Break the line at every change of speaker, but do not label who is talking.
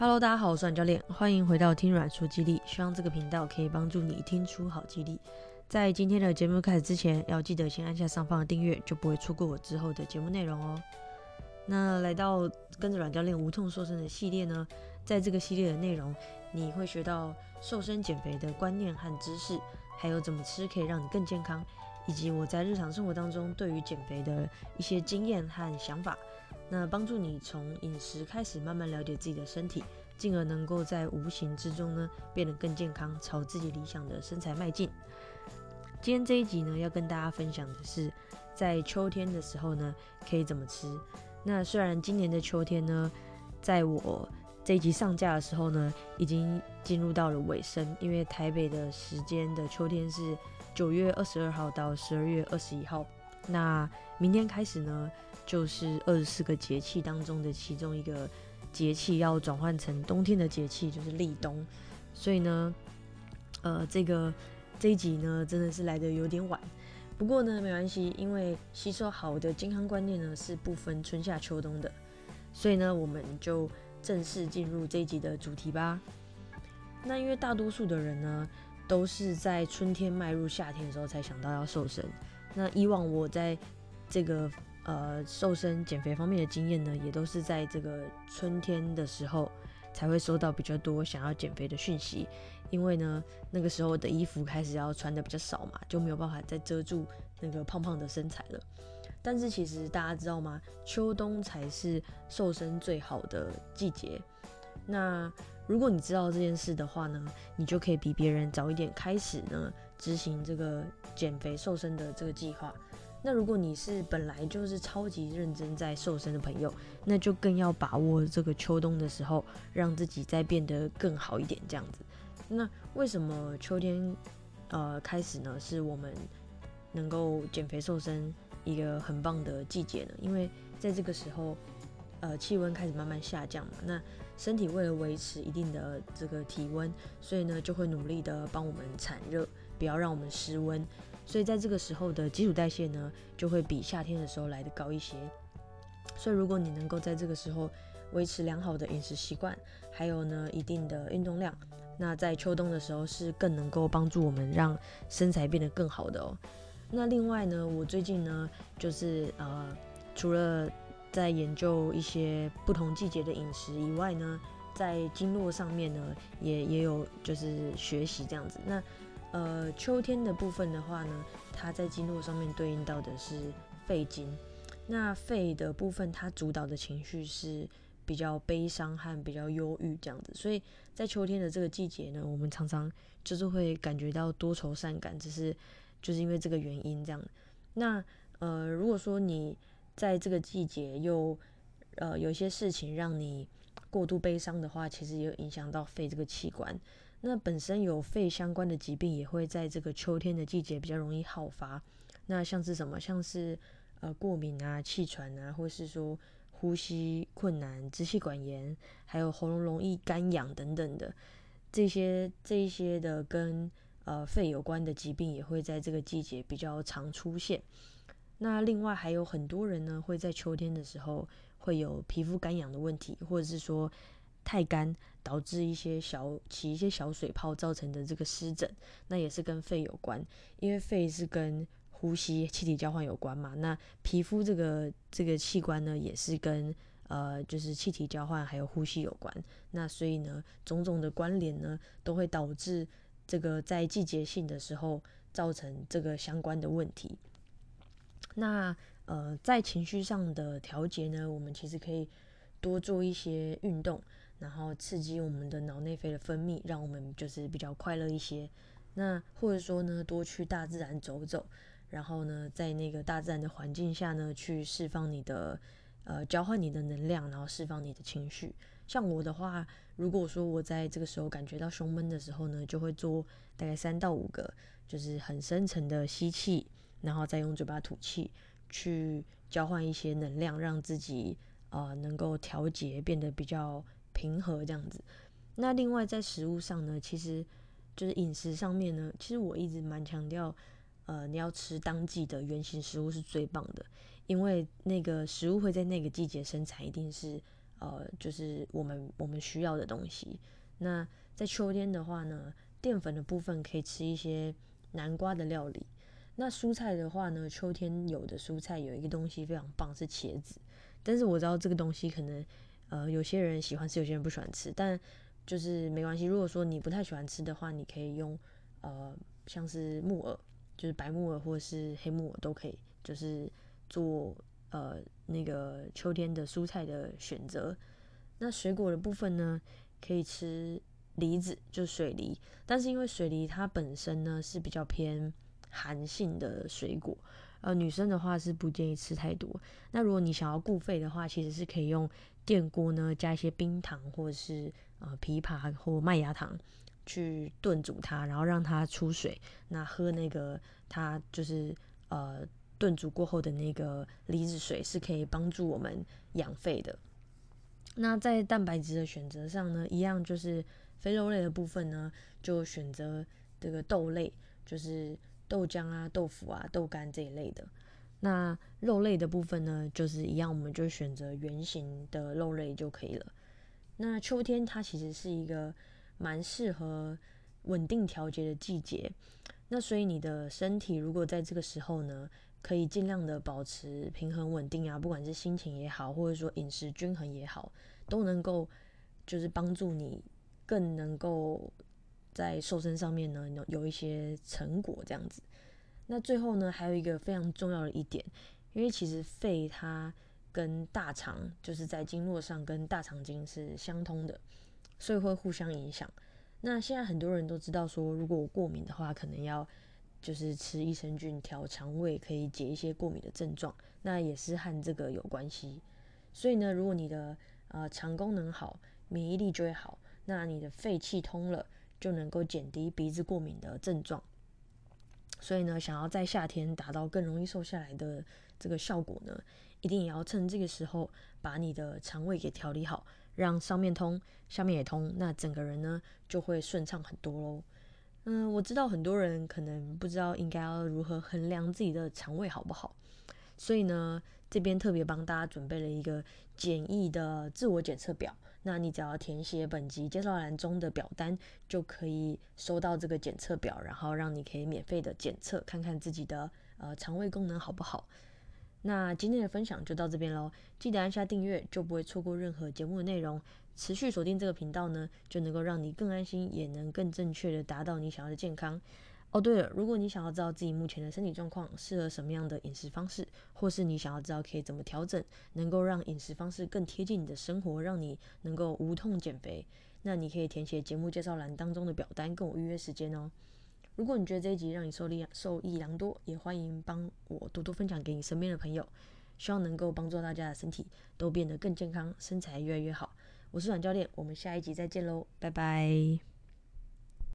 Hello，大家好，我是阮教練，歡迎回到聽阮說激勵。希望這個頻道可以幫助你聽出好激勵。在今天的節目開始之前，要記得先按下上方的訂閱，就不會錯過我之後的節目內容哦、喔。那來到跟着阮教練無痛瘦身的系列呢，在這個系列的內容，你會學到瘦身減肥的觀念和知識，還有怎麼吃可以讓你更健康，以及我在日常生活當中對於減肥的一些經驗和想法。那幫助你從飲食開始，慢慢了解自己的身體，進而能夠在無形之中呢，變得更健康，朝自己理想的身材邁進。今天這一集呢，要跟大家分享的是，在秋天的時候呢，可以怎麼吃。那雖然今年的秋天呢，在我這一集上架的時候呢，已經進入到了尾聲，因為台北的時間的秋天是九月二十二號到十二月二十一號。那明天開始呢，就是二十四個節氣當中的其中一個節氣要轉換成冬天的節氣，就是立冬。所以呢，呃，這個這一集呢，真的是來得有點晚。不過呢，沒關係，因為吸收好的健康觀念呢，是不分春夏秋冬的。所以呢，我們就正式進入這一集的主題吧。那因為大多數的人呢，都是在春天邁入夏天的時候才想到要瘦身。那以往我在這個呃瘦身減肥方面的經驗呢，也都是在這個春天的時候才會收到比較多想要減肥的訊息，因為呢那個時候的衣服開始要穿得比較少嘛，就沒有辦法再遮住那個胖胖的身材了。但是其實大家知道嗎？秋冬才是瘦身最好的季節。那如果你知道這件事的話呢，你就可以比別人早一點開始呢執行這個減肥瘦身的這個計劃。那如果你是本來就是超級認真在瘦身的朋友，那就更要把握這個秋冬的時候，讓自己再變得更好一點這樣子。那為什麼秋天，呃，開始呢？是我們能夠減肥瘦身一個很棒的季節呢？因為在這個時候，呃，氣溫開始慢慢下降嘛，那。身體為了維持一定的這個體溫，所以呢就會努力的幫我們產熱，不要讓我們失溫。所以在這個時候的基礎代謝呢，就會比夏天的時候來得高一些。所以如果你能夠在這個時候維持良好的飲食習慣，還有呢一定的運動量，那在秋冬的時候是更能夠幫助我們讓身材變得更好的哦。那另外呢，我最近呢就是呃除了在研究一些不同季節的飲食以外呢，在經絡上面呢，也也有就是學習這樣子。那呃，秋天的部分的話呢，它在經絡上面對應到的是肺經。那肺的部分，它主導的情緒是比較悲傷和比較憂鬱這樣子。所以在秋天的這個季節呢，我們常常就是會感覺到多愁善感，只是就是因為這個原因這樣。那呃，如果說你在這個季節又，又呃有些事情讓你過度悲傷的話，其實也影響到肺這個器官。那本身有肺相關的疾病，也會在這個秋天的季節比較容易好發。那像是什麼？像是呃過敏啊、氣喘啊，或是說呼吸困難、支氣管炎，還有喉嚨容易乾癢等等的這些這一些的跟呃肺有關的疾病，也會在這個季節比較常出現。那另外還有很多人呢，會在秋天的時候會有皮膚乾癢的問題，或者是說太乾導致一些小起一些小水泡造成的這個濕疹，那也是跟肺有關，因為肺是跟呼吸、氣體交換有關嘛。那皮膚這個這個器官呢，也是跟呃就是氣體交換還有呼吸有關。那所以呢，種種的關聯呢，都會導致這個在季節性的時候造成這個相關的問題。那呃，在情緒上的調節呢，我們其實可以多做一些運動，然後刺激我們的腦內啡的分泌，讓我們就是比較快樂一些。那或者說呢，多去大自然走走，然後呢，在那個大自然的環境下呢，去釋放你的呃，交換你的能量，然後釋放你的情緒。像我的話，如果說我在這個時候感覺到胸悶的時候呢，就會做大概三到五個，就是很深層的吸氣。然後再用嘴巴吐氣，去交換一些能量，讓自己啊、呃、能夠調節，變得比較平和這樣子。那另外在食物上呢，其實就是飲食上面呢，其實我一直蠻強調，呃，你要吃當季的原型食物是最棒的，因為那個食物會在那個季節生產，一定是呃就是我們我們需要的東西。那在秋天的話呢，澱粉的部分可以吃一些南瓜的料理。那蔬菜的話呢，秋天有的蔬菜有一個東西非常棒，是茄子。但是我知道這個東西可能，呃，有些人喜歡吃，有些人不喜歡吃，但就是沒關係。如果說你不太喜歡吃的話，你可以用呃，像是木耳，就是白木耳或者是黑木耳都可以，就是做呃那個秋天的蔬菜的選擇。那水果的部分呢，可以吃梨子，就是水梨。但是因為水梨它本身呢是比較偏。寒性的水果，呃，女生的話是不建議吃太多。那如果你想要顧肺的話，其實是可以用電鍋呢，加一些冰糖或者是呃枇杷或麥芽糖去燉煮它，然後讓它出水。那喝那個它就是呃燉煮過後的那個梨子水是可以幫助我們養肺的。那在蛋白質的選擇上呢，一樣就是非肉類的部分呢，就選擇這個豆類，就是。豆漿啊、豆腐啊、豆乾這一類的，那肉類的部分呢，就是一樣，我們就選擇原型的肉類就可以了。那秋天它其實是一個蠻適合穩定調節的季節，那所以你的身體如果在這個時候呢，可以盡量的保持平衡穩定啊，不管是心情也好，或者說飲食均衡也好，都能夠就是幫助你更能夠。在瘦身上面呢，有有一些成果這樣子。那最後呢，還有一個非常重要的一點，因為其實肺它跟大腸就是在經絡上跟大腸經是相通的，所以會互相影響。那現在很多人都知道說，如果我過敏的話，可能要就是吃益生菌調腸胃，可以解一些過敏的症狀。那也是和這個有關係。所以呢，如果你的啊腸，呃，功能好，免疫力就會好，那你的肺氣通了。就能夠減低鼻子過敏的症狀，所以呢，想要在夏天達到更容易瘦下來的這個效果呢，一定也要趁這個時候把你的腸胃給調理好，讓上面通，下面也通，那整個人呢就會順暢很多嘍。嗯，我知道很多人可能不知道應該要如何衡量自己的腸胃好不好，所以呢，這邊特別幫大家準備了一個簡易的自我檢測表。那你只要填寫本集介紹欄中的表單，就可以收到這個檢測表，然後讓你可以免費的檢測，看看自己的呃腸胃功能好不好。那今天的分享就到這邊嘍，記得按下訂閱，就不會錯過任何節目的內容。持續鎖定這個頻道呢，就能夠讓你更安心，也能更正確的達到你想要的健康。哦，對了，如果你想要知道自己目前的身體狀況適合什麼樣的飲食方式，或是你想要知道可以怎麼調整，能夠讓飲食方式更貼近你的生活，讓你能夠無痛減肥，那你可以填寫節目介紹欄當中的表單，跟我預約時間哦。如果你覺得這一集讓你受力受益良多，也歡迎幫我多多分享給你身邊的朋友，希望能夠幫助大家的身體都變得更健康，身材越來越好。我是阮教練，我們下一集再見嘍，拜拜。